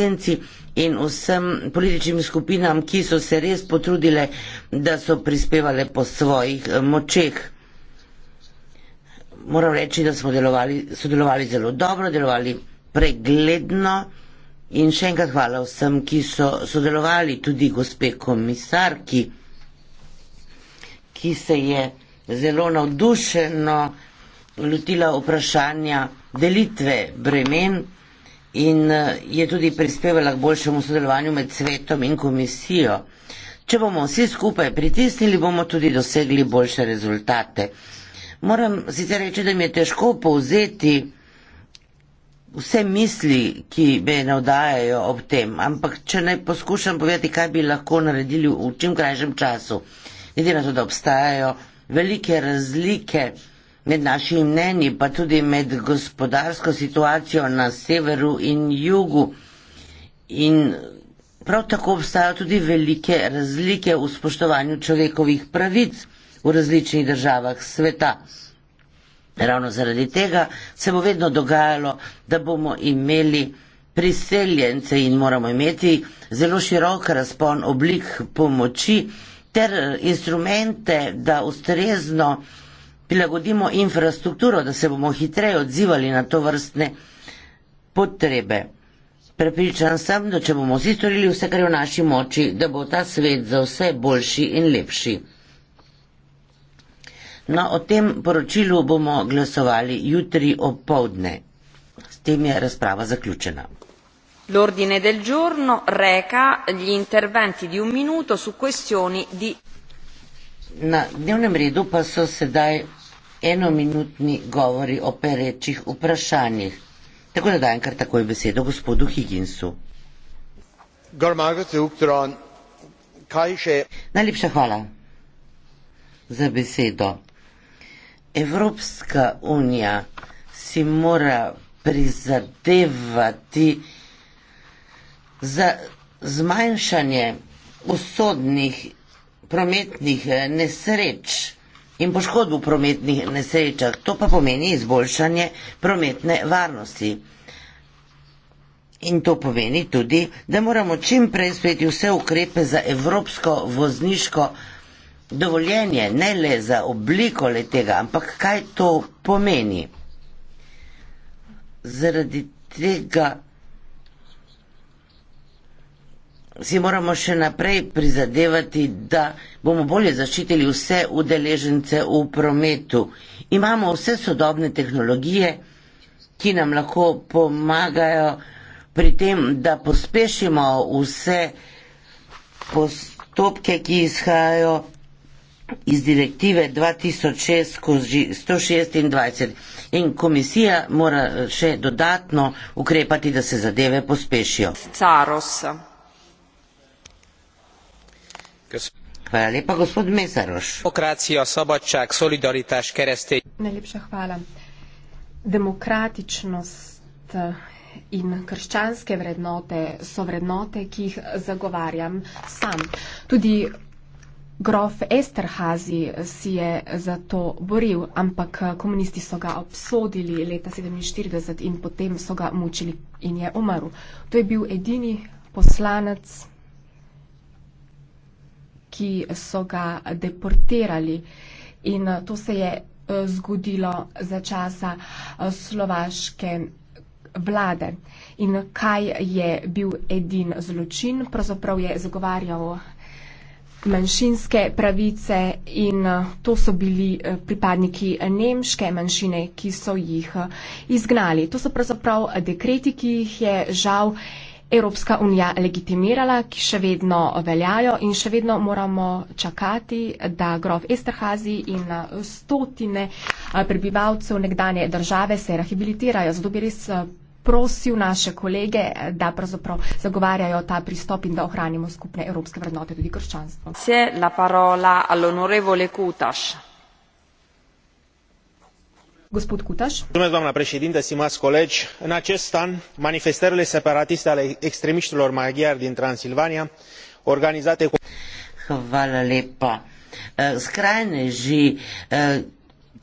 rezistenci in vsem političnim skupinam, ki so se res potrudile, da so prispevale po svojih eh, močeh. Moram reči, da smo delovali, sodelovali zelo dobro, delovali pregledno in še enkrat hvala vsem, ki so sodelovali, tudi gospe komisarki, ki se je zelo navdušeno lotila vprašanja delitve bremen in eh, je tudi prispevala k boljšemu sodelovanju med svetom in komisijo. Če bomo vsi skupaj pritisnili, bomo tudi dosegli boljše rezultate. Moram sicer reči, da mi je težko povzeti vse misli, ki me navdajajo ob tem, ampak če naj poskušam povedati, kaj bi lahko naredili v čim krajšem času, glede na to, da obstajajo velike razlike med našimi mnenji, pa tudi med gospodarsko situacijo na severu in jugu. In prav tako obstajajo tudi velike razlike v spoštovanju človekovih pravic v različnih državah sveta. Ravno zaradi tega se bo vedno dogajalo, da bomo imeli priseljence in moramo imeti zelo širok razpon oblik pomoči ter instrumente, da ustrezno prilagodimo infrastrukturo, da se bomo hitreje odzivali na to vrstne potrebe. Prepričan sem, da če bomo vsi storili vse, kar je v naši moči, da bo ta svet za vse boljši in lepši. No, o tem poročilu bomo glasovali jutri o povdne. S tem je razprava zaključena. L'ordine del giorno reka gli interventi di un minuto su questioni di. Na dnevnem redu pa so sedaj enominutni govori o perečih vprašanjih. Tako da dajem kar takoj besedo gospodu Higginsu. Najlepša hvala za besedo. Evropska unija si mora prizadevati za zmanjšanje usodnih prometnih nesreč in poškodb v prometnih nesrečah. To pa pomeni izboljšanje prometne varnosti. In to pomeni tudi, da moramo čim prej sprejeti vse ukrepe za evropsko vozniško dovoljenje, ne le za obliko le tega, ampak kaj to pomeni. Zaradi tega si moramo še naprej prizadevati, da bomo bolje zaščitili vse udeležence v prometu. Imamo vse sodobne tehnologije, ki nam lahko pomagajo pri tem, da pospešimo vse postopke, ki izhajajo iz direktive 2006-126 in komisija mora še dodatno ukrepati, da se zadeve pospešijo. Carosa. Demokracija, sabadság, solidaritás, keresztény. Najlepša hvala. Demokratičnost in krščanske vrednote so vrednote, ki jih zagovarjam sam. Tudi grof Esterhazi si je za to boril, ampak komunisti so ga obsodili leta 1947 in potem so ga mučili in je umrl. To je bil edini poslanec ki so ga deportirali. In eh, to se je eh, zgodilo za časa eh, slovaške vlade. In kaj je bil edin zločin? Pravzaprav je zagovarjal manjšinske pravice in to so bili pripadniki nemške manjšine, ki so jih izgnali. To so pravzaprav dekreti, ki jih je žal Evropska unija legitimirala, ki še vedno veljajo in še vedno moramo čakati, da grof Esterhazi in stotine prebivalcev nekdanje države se rehabilitirajo. Zato bi res prosil naše kolege, da pravzaprav zagovarjajo ta pristop in da ohranimo skupne evropske vrednote tudi krščanstvo în acest an manifestările separatiste ale extremiștilor maghiari din transilvania organizate cu. Eh, skrajneži eh,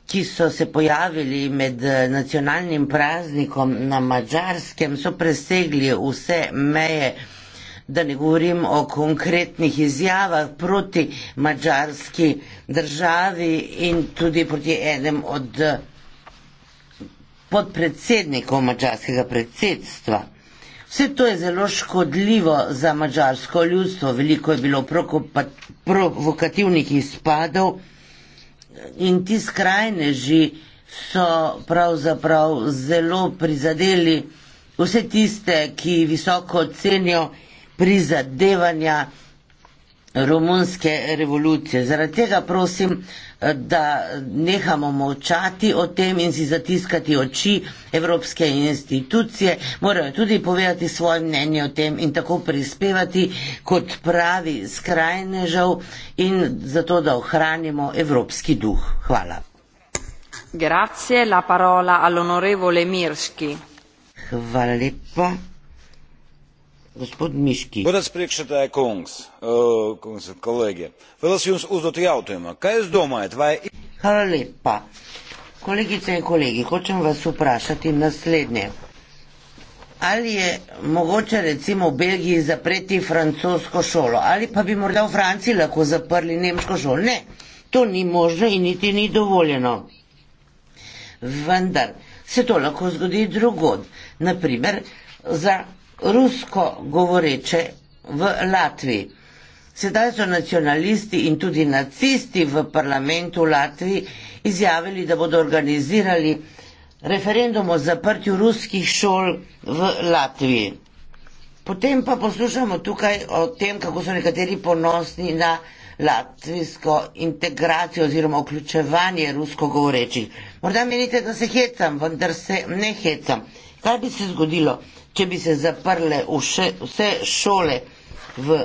ki so se pojavili med eh, nacionalnim praznikom na madžarskem so presegli vse meje da ne govorim o konkretnih izjavah proti madžarski državi in tudi proti enemu od pod predsednikom mačarskega predsedstva. Vse to je zelo škodljivo za mačarsko ljudstvo, veliko je bilo provokativnih izpadov in ti skrajneži so pravzaprav zelo prizadeli vse tiste, ki visoko ocenijo prizadevanja romunske revolucije. Zaradi tega prosim, da nehamo molčati o tem in si zatiskati oči. Evropske institucije morajo tudi povedati svoje mnenje o tem in tako prispevati kot pravi skrajnežav in zato, da ohranimo evropski duh. Hvala. Grazie, la parola all'onorevole Mirski. Hvala lepo. Gospod Miški. Hvala lepa. Kolegice in kolegi, hočem vas vprašati naslednje. Ali je mogoče recimo v Belgiji zapreti francosko šolo? Ali pa bi morda v Franciji lahko zaprli nemško šolo? Ne, to ni možno in niti ni dovoljeno. Vendar se to lahko zgodi drugod. Naprimer, za rusko govoreče v Latviji. Sedaj so nacionalisti in tudi nacisti v parlamentu Latviji izjavili, da bodo organizirali referendum o zaprtju ruskih šol v Latviji. Potem pa poslušamo tukaj o tem, kako so nekateri ponosni na latvijsko integracijo oziroma vključevanje rusko govorečih. Morda menite, da se hecam, vendar se ne hecam. Kaj bi se zgodilo, če bi se zaprle vše, vse šole v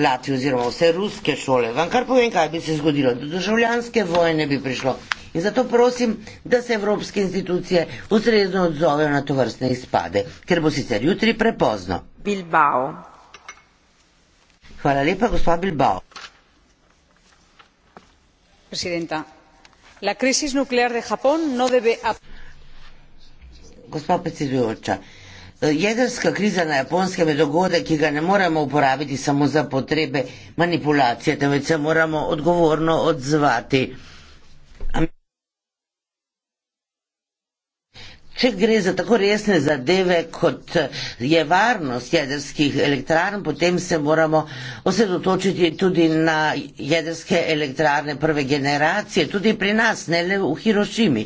Latviji oziroma vse ruske šole. Vam kar povem, kaj bi se zgodilo. Do državljanske vojne bi prišlo. In zato prosim, da se evropske institucije ustrezno odzovejo na to vrstne izpade, ker bo sicer jutri prepozno. Bilbao. Hvala lepa, gospod Bilbao. Presidenta, la crisis nuclear de Japón no debe. Gospod predsedujoča. Jedrska kriza na japonskem je dogodek, ki ga ne moremo uporabiti samo za potrebe manipulacije, temveč se moramo odgovorno odzvati. Če gre za tako resne zadeve, kot je varnost jedrskih elektrarn, potem se moramo osredotočiti tudi na jedrske elektrarne prve generacije, tudi pri nas, ne le v Hirošimi.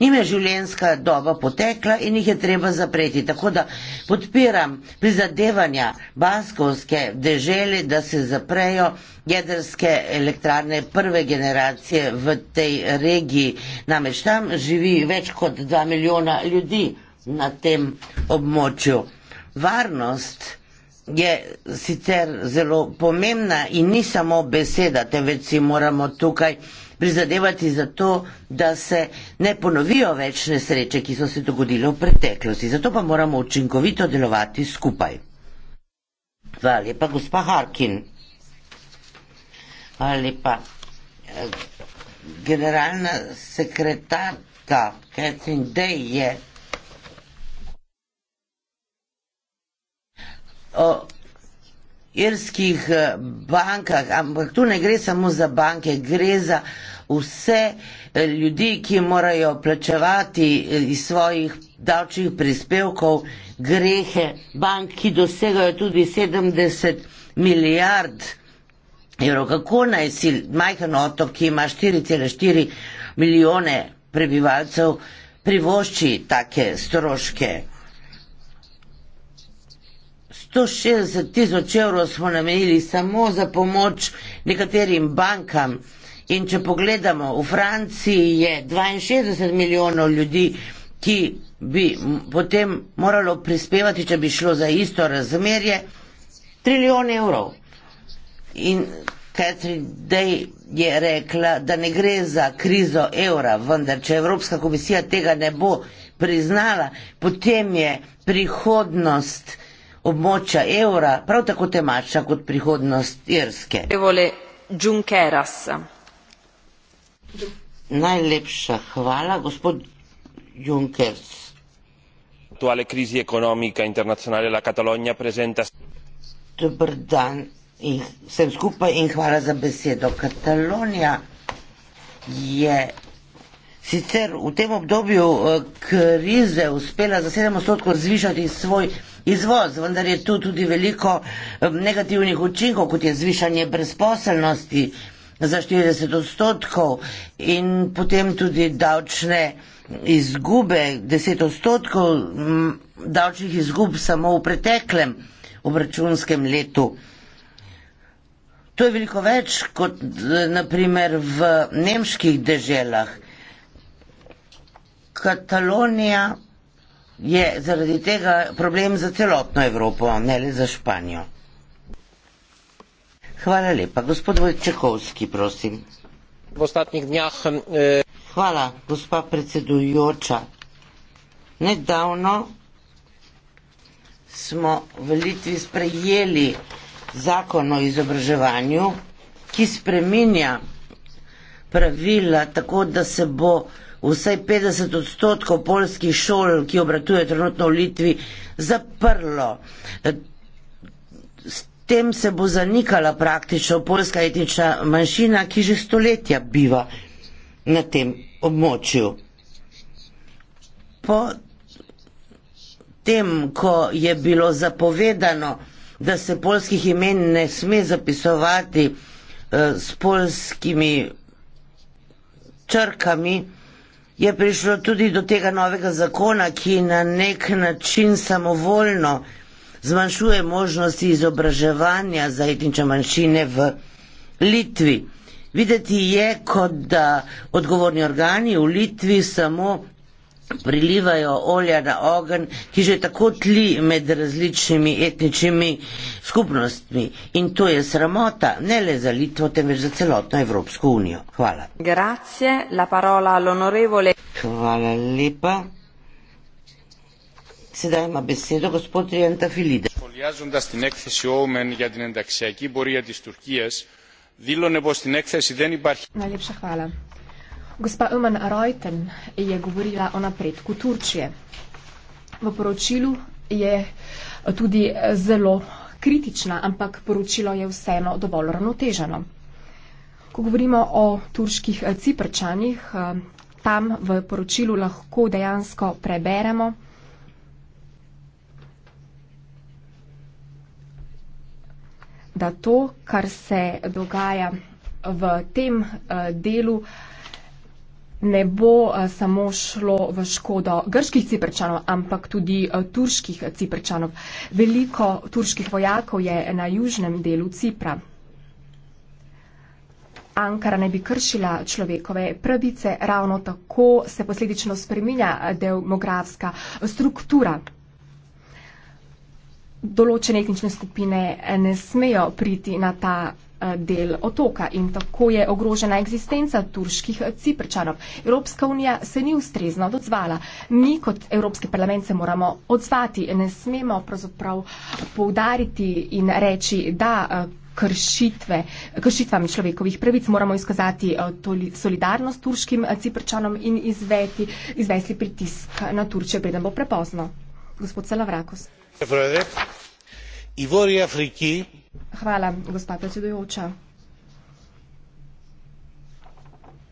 Njim je življenjska doba potekla in jih je treba zapreti. Tako da podpiram prizadevanja baskovske dežele, da se zaprejo jedrske elektrarne prve generacije v tej regiji. Namreč tam živi več kot 2 milijona ljudi na tem območju. Varnost je sicer zelo pomembna in ni samo beseda, temveč si moramo tukaj prizadevati za to, da se ne ponovijo več nesreče, ki so se dogodile v preteklosti. Zato pa moramo učinkovito delovati skupaj. Hvala lepa, gospa Harkin. Hvala lepa. Eh, generalna sekretarka Catherine Day je o irskih eh, bankah, ampak tu ne gre samo za banke, gre za vse eh, ljudi, ki morajo plačevati iz svojih davčnih prispevkov grehe bank, ki dosegajo tudi 70 milijard evrov Evro, kako naj si majhen otok, ki ima 4,4 milijone prebivalcev, privošči take stroške? 160 tisoč evrov smo namenili samo za pomoč nekaterim bankam in če pogledamo, v Franciji je 62 milijonov ljudi, ki bi potem moralo prispevati, če bi šlo za isto razmerje, trilijon evrov. In Catherine Day je rekla, da ne gre za krizo evra, vendar če Evropska komisija tega ne bo priznala, potem je prihodnost območja evra prav tako temačna kot prihodnost Irske. Najlepša hvala, gospod Junkers. Dober dan, in vsem skupaj in hvala za besedo. Katalonija je sicer v tem obdobju eh, krize uspela za 7 odstotkov zvišati svoj izvoz, vendar je tu tudi veliko eh, negativnih učinkov, kot je zvišanje brezposelnosti za 40 odstotkov in potem tudi davčne izgube 10 odstotkov davčnih izgub samo v preteklem obračunskem letu. To je veliko več kot eh, naprimer v nemških deželah. Katalonija je zaradi tega problem za celotno Evropo, ne le za Španijo. Hvala lepa. Gospod Vojčekovski, prosim. V ostatnih dnjah. Eh... Hvala, gospa predsedujoča. Nedavno smo v Litvi sprejeli zakon o izobraževanju, ki spreminja pravila tako, da se bo vsaj 50 odstotkov polskih šol, ki obratuje trenutno v Litvi, zaprlo. S tem se bo zanikala praktično polska etnična manjšina, ki že stoletja biva na tem območju. Po tem, ko je bilo zapovedano, da se polskih imen ne sme zapisovati eh, s polskimi črkami, je prišlo tudi do tega novega zakona, ki na nek način samovoljno zmanjšuje možnosti izobraževanja za etnične manjšine v Litvi. Videti je, kot da odgovorni organi v Litvi samo prilivajo olja na ogen, ki že tako tli med različnimi etničnimi skupnostmi. In to je sramota ne le za Litvo, temveč za celotno Evropsko unijo. Hvala. Grazie, Hvala lepa. Sedaj ima besedo gospod Janta Filide. Σχολιάζοντας την έκθεση Όμεν για την ενταξιακή πορεία της Τουρκίας, δήλωνε πως στην έκθεση δεν υπάρχει... Να λείψα, χάλα. Gospa Eman Reuten je govorila o napredku Turčije. V poročilu je eh, tudi eh, zelo kritična, ampak poročilo je vseeno dovolj ravnoteženo. Ko govorimo o turških eh, ciprčanih, tam v poročilu lahko dejansko preberemo, da to, kar se dogaja v tem delu, ne bo eh, samo šlo v škodo grških ciprčanov, ampak tudi eh, turških ciprčanov. Veliko turških vojakov je na južnem delu Cipra. Ankara ne bi kršila človekove pravice, ravno tako se posledično spreminja eh, demografska struktura. Določene etnične skupine ne smejo priti na ta Eh, del otoka in tako je ogrožena egzistenca turških ciprčanov. Evropska unija se ni ustrezno odzvala. Mi kot Evropski parlament se moramo odzvati. Ne smemo pravzaprav poudariti in reči, da eh, kršitvami človekovih pravic moramo izkazati eh, solidarnost turškim ciprčanom in izveti, izvesti pritisk na Turčijo, preden bo prepozno. Gospod Salavrakos. Hvala lepa. Hvala, gospa predsedujoča.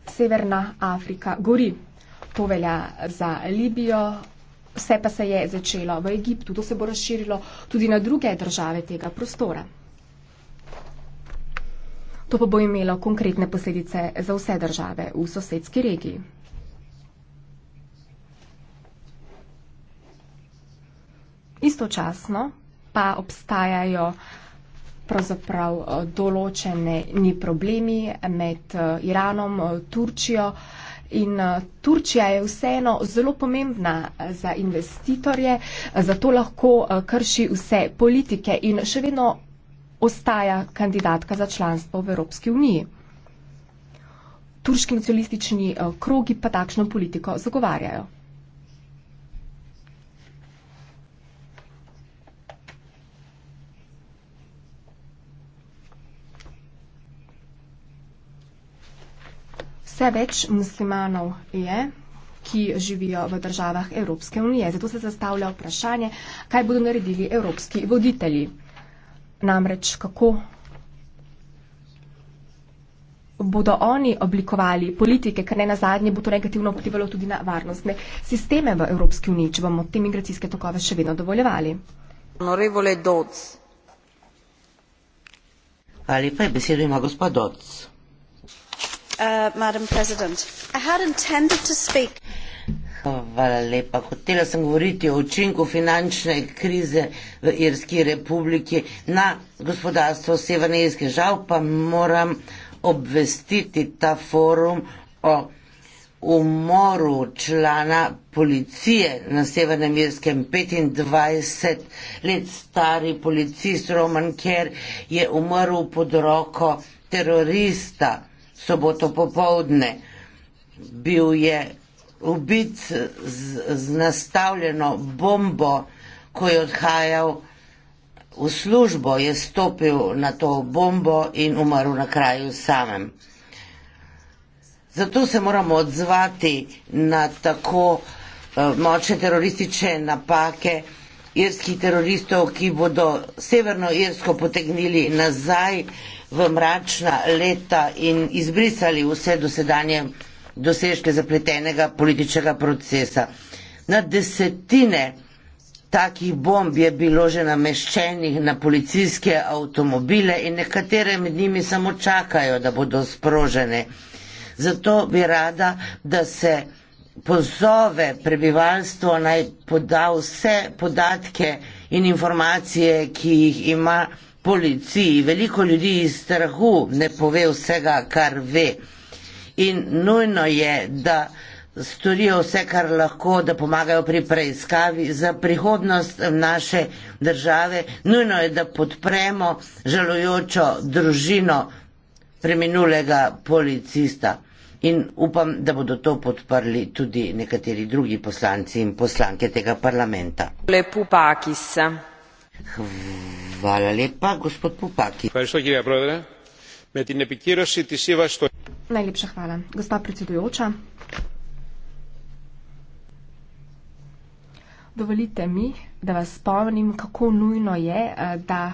Severna Afrika gori. To velja za Libijo. Vse pa se je začelo v Egiptu. To se bo razširilo tudi na druge države tega prostora. To pa bo imelo konkretne posledice za vse države v sosedski regiji. Istočasno pa obstajajo pravzaprav eh, določeni problemi med eh, Iranom, eh, Turčijo. In Turčija je vseeno zelo pomembna za investitorje, zato lahko krši vse politike in še vedno ostaja kandidatka za članstvo v Evropski uniji. Turški nacionalistični krogi pa takšno politiko zagovarjajo. Vse več muslimanov je, ki živijo v državah Evropske unije. Zato se zastavlja vprašanje, kaj bodo naredili evropski voditelji. Namreč kako bodo oni oblikovali politike, ker ne na zadnje bo to negativno vplivalo tudi na varnostne sisteme v Evropski uniji, če bomo te migracijske tokove še vedno dovoljevali. Ali pa je besedo ima gospod Doc. Uh, madam president i had intended to speak oh, Hvala lepa. Hotela sem govoriti o učinku finančne krize v Irski republiki na gospodarstvo Severne Irske. Žal pa moram obvestiti ta forum o umoru člana policije na Severnem Irskem. 25 let stari policist Roman Kerr je umrl pod roko terorista soboto popovdne. Bil je ubit z, z nastavljeno bombo, ko je odhajal v službo, je stopil na to bombo in umrl na kraju samem. Zato se moramo odzvati na tako uh, močne teroristične napake irskih teroristov, ki bodo Severno Irsko potegnili nazaj. Uh, v mračna leta in izbrisali vse dosedanje dosežke zapletenega političnega procesa. Na desetine takih bomb je bilo že nameščenih na policijske avtomobile in nekatere med njimi samo čakajo, da bodo sprožene. Zato bi rada, da se pozove prebivalstvo naj poda vse podatke in informacije, ki jih ima policiji, veliko ljudi iz strahu ne pove vsega, kar ve. In nujno je, da storijo vse, kar lahko, da pomagajo pri preiskavi za prihodnost naše države. Nujno je, da podpremo žalujočo družino preminulega policista. In upam, da bodo to podprli tudi nekateri drugi poslanci in poslanke tega parlamenta. Lepo pakis. Hvala lepa, gospod Popaki. Najlepša hvala, gospa predsedujoča. Dovolite mi, da vas spomnim, kako nujno je, eh, da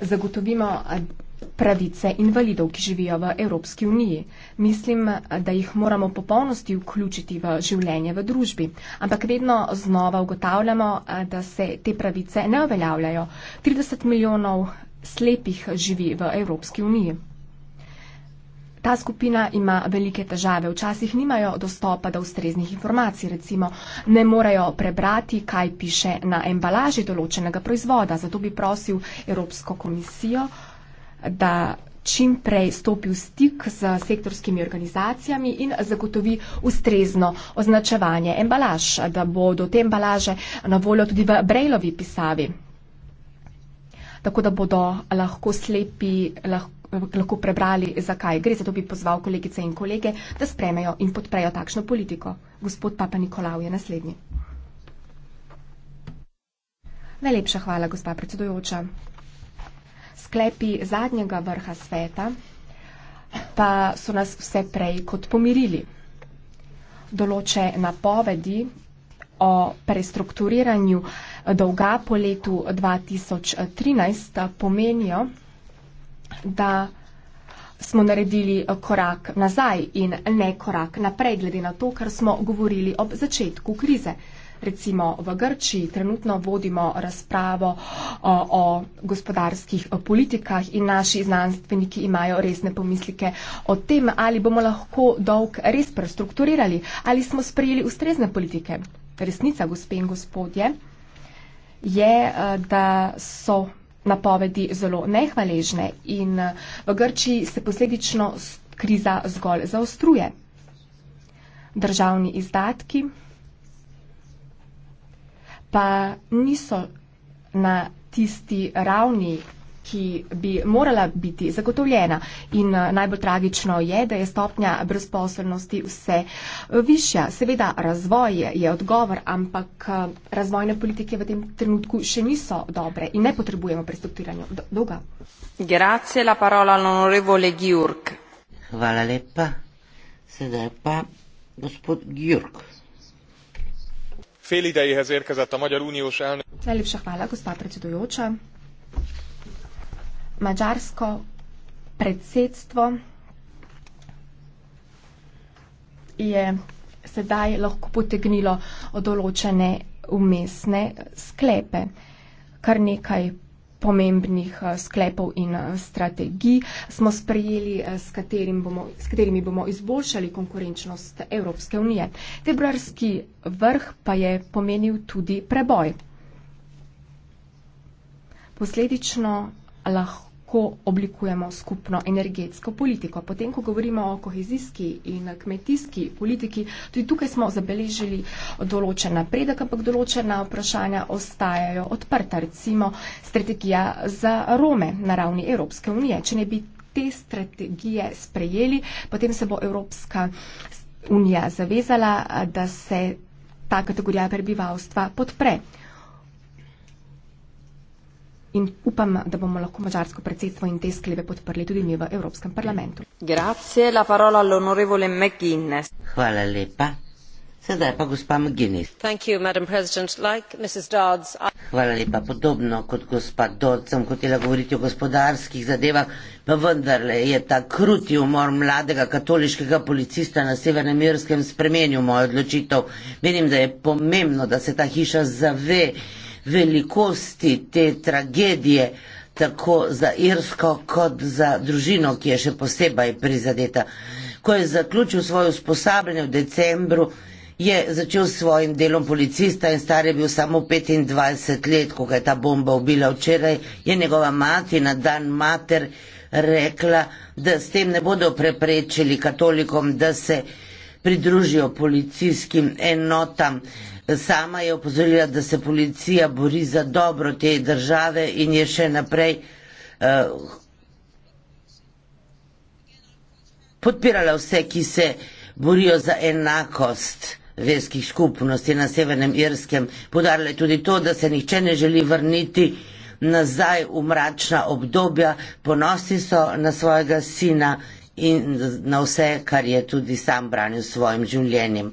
zagotovimo eh, pravice invalidov, ki živijo v Evropski uniji. Mislim, da jih moramo popolnosti vključiti v življenje v družbi, ampak vedno znova ugotavljamo, da se te pravice ne uveljavljajo. 30 milijonov slepih živi v Evropski uniji. Ta skupina ima velike težave. Včasih nimajo dostopa do ustreznih informacij, recimo ne morejo prebrati, kaj piše na embalaži določenega proizvoda. Zato bi prosil Evropsko komisijo, da čim prej stopi v stik z sektorskimi organizacijami in zagotovi ustrezno označevanje embalaž, da bo do te embalaže na voljo tudi v brejlovi pisavi, tako da bodo lahko slepi lahko, lahko prebrali, zakaj gre. Zato bi pozval kolegice in kolege, da spremejo in podprejo takšno politiko. Gospod Papa Nikolav je naslednji. Najlepša hvala, gospa predsedujoča sklepi zadnjega vrha sveta pa so nas vse prej kot pomirili. Določe napovedi o prestrukturiranju dolga po letu 2013 pomenijo, da smo naredili korak nazaj in ne korak naprej, glede na to, kar smo govorili ob začetku krize. Recimo v Grčiji trenutno vodimo razpravo o, o gospodarskih politikah in naši znanstveniki imajo resne pomislike o tem, ali bomo lahko dolg res prestrukturirali, ali smo sprejeli ustrezne politike. Resnica, gospe in gospodje, je, eh, da so napovedi zelo nehvaležne in eh, v Grčiji se posledično kriza zgolj zaostruje. Državni izdatki pa niso na tisti ravni, ki bi morala biti zagotovljena. In eh, najbolj tragično je, da je stopnja brezposobnosti vse eh, višja. Seveda, razvoj je odgovor, ampak eh, razvojne politike v tem trenutku še niso dobre in ne potrebujemo prestrukturiranja dolga. Hvala lepa. Sedaj pa gospod Gjurk fél idejéhez érkezett a magyar uniós elnök. Najlepša hvala, gospa predsedujoča. Mačarsko predsedstvo je sedaj lahko potegnilo določene umestne sklepe. Kar nekaj pomembnih eh, sklepov in eh, strategij smo sprejeli, eh, s, katerim bomo, s katerimi bomo izboljšali konkurenčnost Evropske unije. Februarski vrh pa je pomenil tudi preboj. Posledično lahko kako oblikujemo skupno energetsko politiko. Potem, ko govorimo o kohezijski in kmetijski politiki, tudi tukaj smo zabeležili določen napredek, ampak določena vprašanja ostajajo odprta. Recimo strategija za Rome na ravni Evropske unije. Če ne bi te strategije sprejeli, potem se bo Evropska unija zavezala, da se ta kategorija prebivalstva podpre in upam, da bomo lahko mađarsko predsedstvo in te sklepe podprli tudi mi v Evropskem parlamentu. Grazie, la parola all'onorevole McGuinness. Hvala lepa. Sedaj pa gospa McGuinness. Thank you, Madam President. Like Mrs. Dodds, I... Hvala lepa. Podobno kot gospa Dodds sem hotela govoriti o gospodarskih zadevah, pa vendarle je ta kruti umor mladega katoliškega policista na Severnem Irskem spremenil mojo odločitev. Menim, da je pomembno, da se ta hiša zave velikosti te tragedije, tako za Irsko kot za družino, ki je še posebej prizadeta. Ko je zaključil svoje usposabljanje v decembru, je začel s svojim delom policista in star je bil samo 25 let, ko ga je ta bomba ubila včeraj, je njegova mati na dan mater rekla, da s tem ne bodo preprečili katolikom, da se pridružijo policijskim enotam. Sama je opozorila, da se policija bori za dobro te države in je še naprej uh, podpirala vse, ki se borijo za enakost verskih skupnosti na Severnem Irskem. Podarila je tudi to, da se nihče ne želi vrniti nazaj v mračna obdobja, ponosni so na svojega sina in na vse, kar je tudi sam branil s svojim življenjem.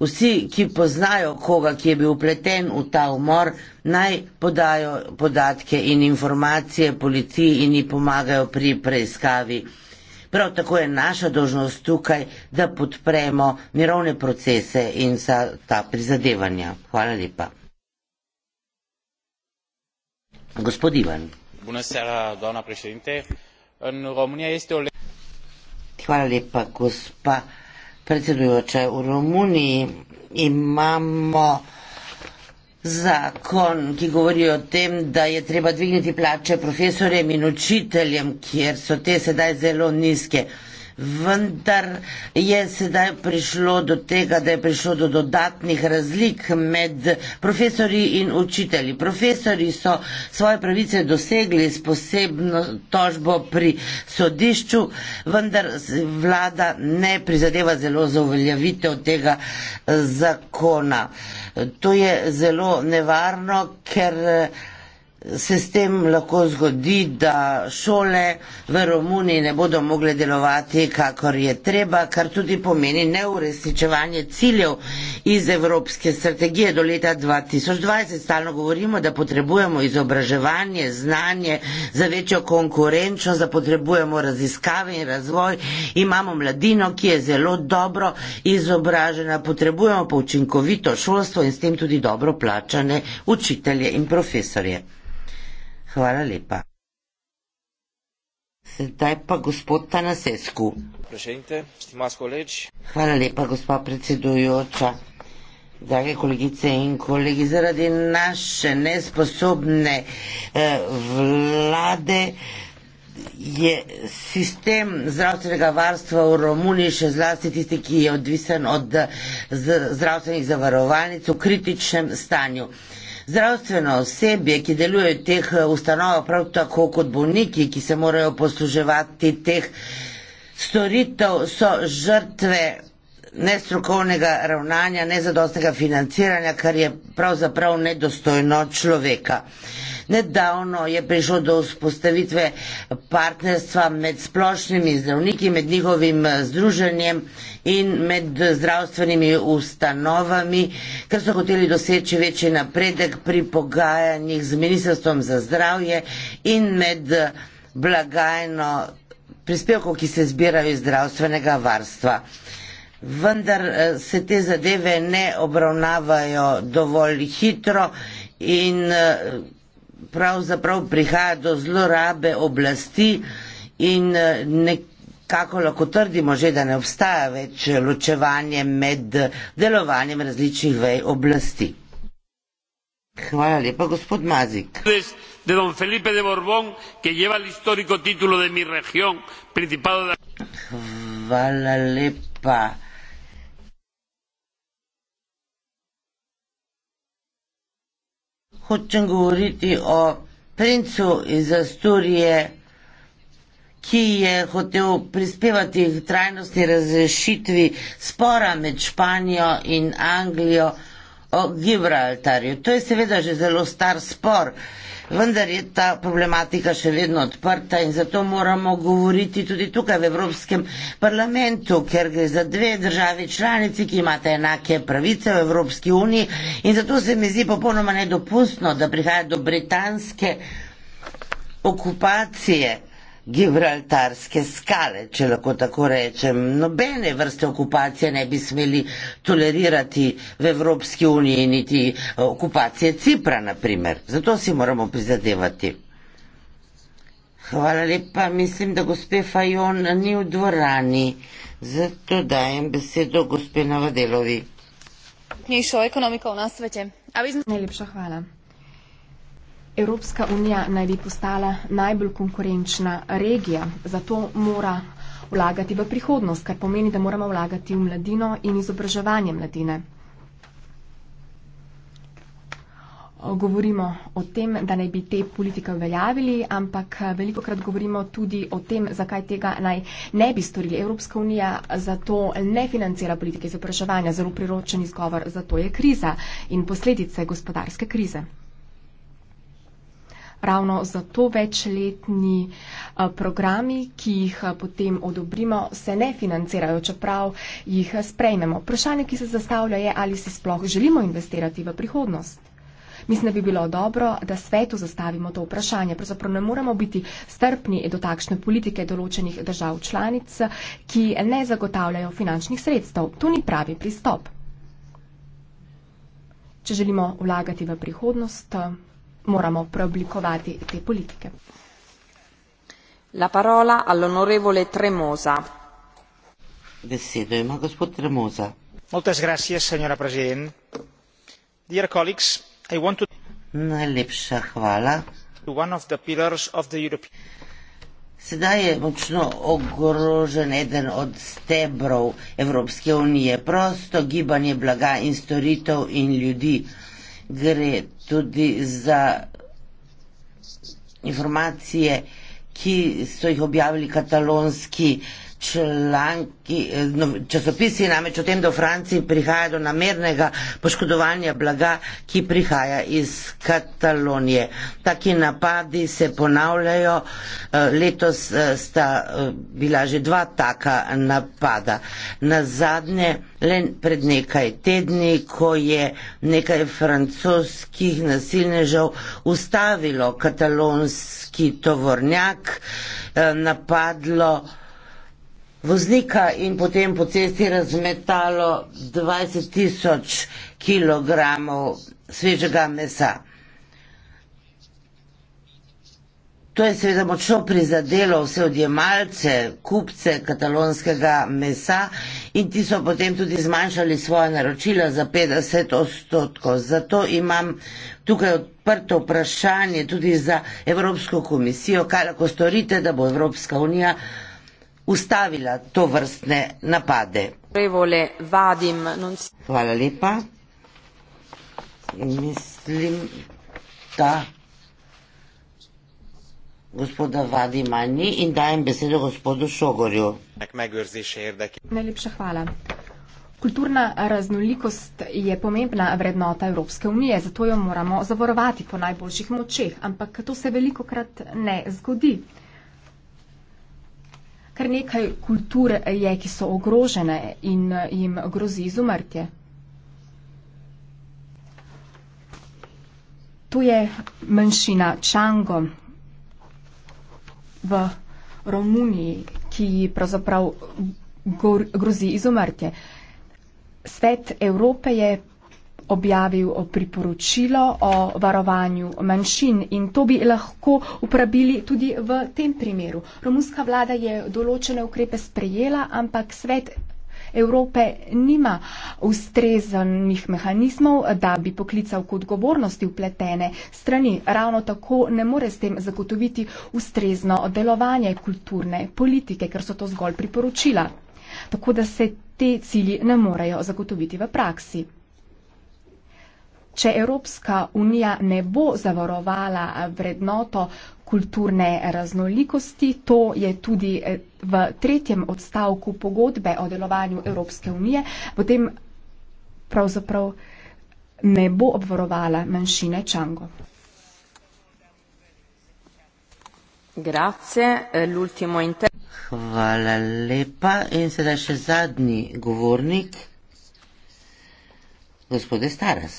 Vsi, ki poznajo koga, ki je bil upleten v ta umor, naj podajo podatke in informacije policiji in ji pomagajo pri preiskavi. Prav tako je naša dožnost tukaj, da podpremo mirovne procese in vsa ta prizadevanja. Hvala lepa. Gospod Ivan. Hvala lepa, gospa predsedujoča. V Romuniji imamo zakon, ki govori o tem, da je treba dvigniti plače profesorjem in učiteljem, kjer so te sedaj zelo nizke vendar je sedaj prišlo do tega, da je prišlo do dodatnih razlik med profesori in učitelji. Profesori so svoje pravice dosegli s posebno tožbo pri sodišču, vendar vlada ne prizadeva zelo za uveljavitev tega zakona. To je zelo nevarno, ker se s tem lahko zgodi, da šole v Romuniji ne bodo mogle delovati, kakor je treba, kar tudi pomeni neurezničevanje ciljev iz evropske strategije do leta 2020. Stalno govorimo, da potrebujemo izobraževanje, znanje za večjo konkurenčnost, da potrebujemo raziskave in razvoj. Imamo mladino, ki je zelo dobro izobražena, potrebujemo pa učinkovito šolstvo in s tem tudi dobro plačane učitelje in profesorje. Hvala lepa. Sedaj pa gospod Tanasesku. Hvala lepa, gospod predsedujoča. Drage kolegice in kolegi, zaradi naše nesposobne eh, vlade je sistem zdravstvenega varstva v Romuniji, še zlasti tisti, ki je odvisen od zdravstvenih zavarovalnic, v kritičnem stanju. Eh, Zdravstveno osebje, ki deluje v teh eh, ustanovah, prav tako kot bolniki, ki se morajo posluževati teh storitev, so žrtve nestrokovnega ravnanja, nezadostnega financiranja, kar je pravzaprav nedostojno človeka. Nedavno je prišlo do vzpostavitve partnerstva med splošnimi zdravniki, med njihovim eh, združenjem in med zdravstvenimi ustanovami, ker so hoteli doseči večji napredek pri pogajanjih z Ministrstvom za zdravje in med eh, blagajno prispevkov, ki se zbirajo iz zdravstvenega varstva. Vendar eh, se te zadeve ne obravnavajo dovolj hitro in pravzaprav prihaja do zlorabe oblasti in eh, nekako lahko trdimo že, da ne obstaja več ločevanje med delovanjem različnih vej oblasti. Hvala lepa, gospod Mazik. De don Felipe de Borbón, ki je imel historijsko titulo de mi region, principado de. Hvala lepa. hočem govoriti o princu iz Asturije, ki je hotel prispevati k trajnostni razrešitvi spora med Španijo in Anglijo o Gibraltarju. To je seveda že zelo star spor, vendar je ta problematika še vedno odprta in zato moramo govoriti tudi tukaj v Evropskem parlamentu, ker gre za dve državi članici, ki imate enake pravice v Evropski uniji in zato se mi zdi popolnoma nedopustno, da prihaja do britanske okupacije gibraltarske skale, če lahko tako rečem. Nobene vrste okupacije ne bi smeli tolerirati v Evropski uniji, niti eh, okupacije Cipra, naprimer. Zato si moramo prizadevati. Hvala lepa, mislim, da gospe Fajon ni v dvorani, zato dajem besedo gospe Navadelovi. Nišo ekonomiko v nas svete. Najlepša hvala. Evropska unija naj bi postala najbolj konkurenčna regija, zato mora vlagati v prihodnost, kar pomeni, da moramo vlagati v mladino in izobraževanje mladine. Govorimo o tem, da naj bi te politike uveljavili, ampak veliko krat govorimo tudi o tem, zakaj tega naj ne bi storili. Evropska unija zato ne financira politike izobraževanja, zelo priročen izgovor, zato je kriza in posledice gospodarske krize ravno za to večletni eh, programi, ki jih eh, potem odobrimo, se ne financirajo, čeprav jih eh, sprejmemo. Vprašanje, ki se zastavlja, je, ali si sploh želimo investirati v prihodnost. Mislim, da bi bilo dobro, da svetu zastavimo to vprašanje. Pravzaprav ne moramo biti strpni do takšne politike določenih držav članic, ki ne zagotavljajo finančnih sredstev. To ni pravi pristop. Če želimo vlagati v prihodnost, moramo preoblikovati te politike. La parola all'onorevole Tremosa. Besedo ima gospod Tremosa. Moltes gracias, signora president. Dear colleagues, I want to... Najlepša hvala. One of the pillars of the European... Sedaj je močno ogrožen eden od stebrov Evropske unije, prosto gibanje blaga in storitev in ljudi gre tudi za informacije, ki so jih objavili katalonski uh, članki, eh, no, časopisi namreč o tem, da v Franciji prihaja do namernega poškodovanja blaga, ki prihaja iz Katalonije. Taki napadi se ponavljajo, eh, letos eh, sta bila že dva taka napada. Na zadnje, len pred nekaj tedni, ko je nekaj francoskih nasilnežev ustavilo katalonski tovornjak, napadlo voznika in potem po cesti razmetalo 20 tisoč kilogramov svežega mesa. To je seveda močno prizadelo vse odjemalce, kupce katalonskega mesa in ti so potem tudi zmanjšali svoje naročila za 50 odstotkov. Zato imam tukaj odprto vprašanje tudi za Evropsko komisijo, kaj lahko storite, da bo Evropska unija ustavila to vrstne napade. Hvala lepa. In mislim, da gospoda Vadima ni in dajem besedo gospodu Šogorju. Najlepša hvala. Kulturna raznolikost je pomembna vrednota Evropske unije, zato jo moramo zavarovati po najboljših močeh, ampak to se veliko krat ne zgodi kar nekaj kultur je, ki so ogrožene in eh, jim grozi izumrtje. Tu je manjšina Čango v Romuniji, ki pravzaprav grozi izumrtje. Svet Evrope je objavil priporočilo o varovanju manjšin in to bi lahko uporabili tudi v tem primeru. Romunska vlada je določene ukrepe sprejela, ampak svet. Evrope nima ustrezanih mehanizmov, da bi poklical k odgovornosti upletene strani. Ravno tako ne more s tem zagotoviti ustrezno delovanje kulturne politike, ker so to zgolj priporočila. Tako da se te cilji ne morejo zagotoviti v praksi. Če Evropska unija ne bo zavarovala vrednoto kulturne raznolikosti, to je tudi eh, v tretjem odstavku pogodbe o delovanju Evropske unije, potem pravzaprav ne bo obvarovala manjšine Čango. Grazie, eh, l'ultimo inter. Hvala lepa. In sedaj še zadnji govornik, gospode Staras.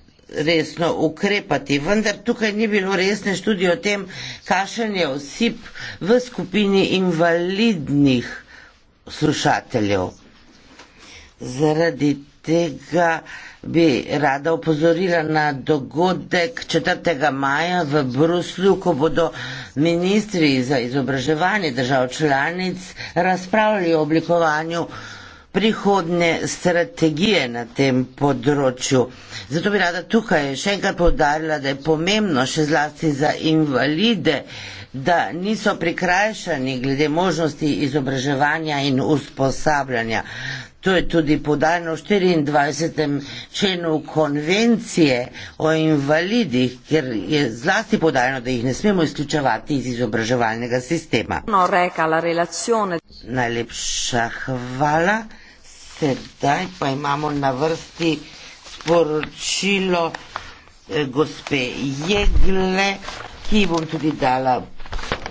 resno ukrepati, vendar tukaj ni bilo resne študije o tem, kakšen je osip v skupini invalidnih slušateljev. Zaradi tega bi rada upozorila na dogodek 4. maja v Bruslju, ko bodo ministri za izobraževanje držav članic razpravljali o oblikovanju prihodne strategije na tem področju. Zato bi rada tukaj še enkrat povdarjala, da je pomembno še zlasti za invalide, da niso prikrajšani glede možnosti izobraževanja in usposabljanja. To je tudi podajno v 24. členu konvencije o invalidih, ker je zlasti podajno, da jih ne smemo izključevati iz izobraževalnega sistema. No, Najlepša hvala. Sedaj pa imamo na vrsti sporočilo eh, gospe Jegle, ki bom tudi dala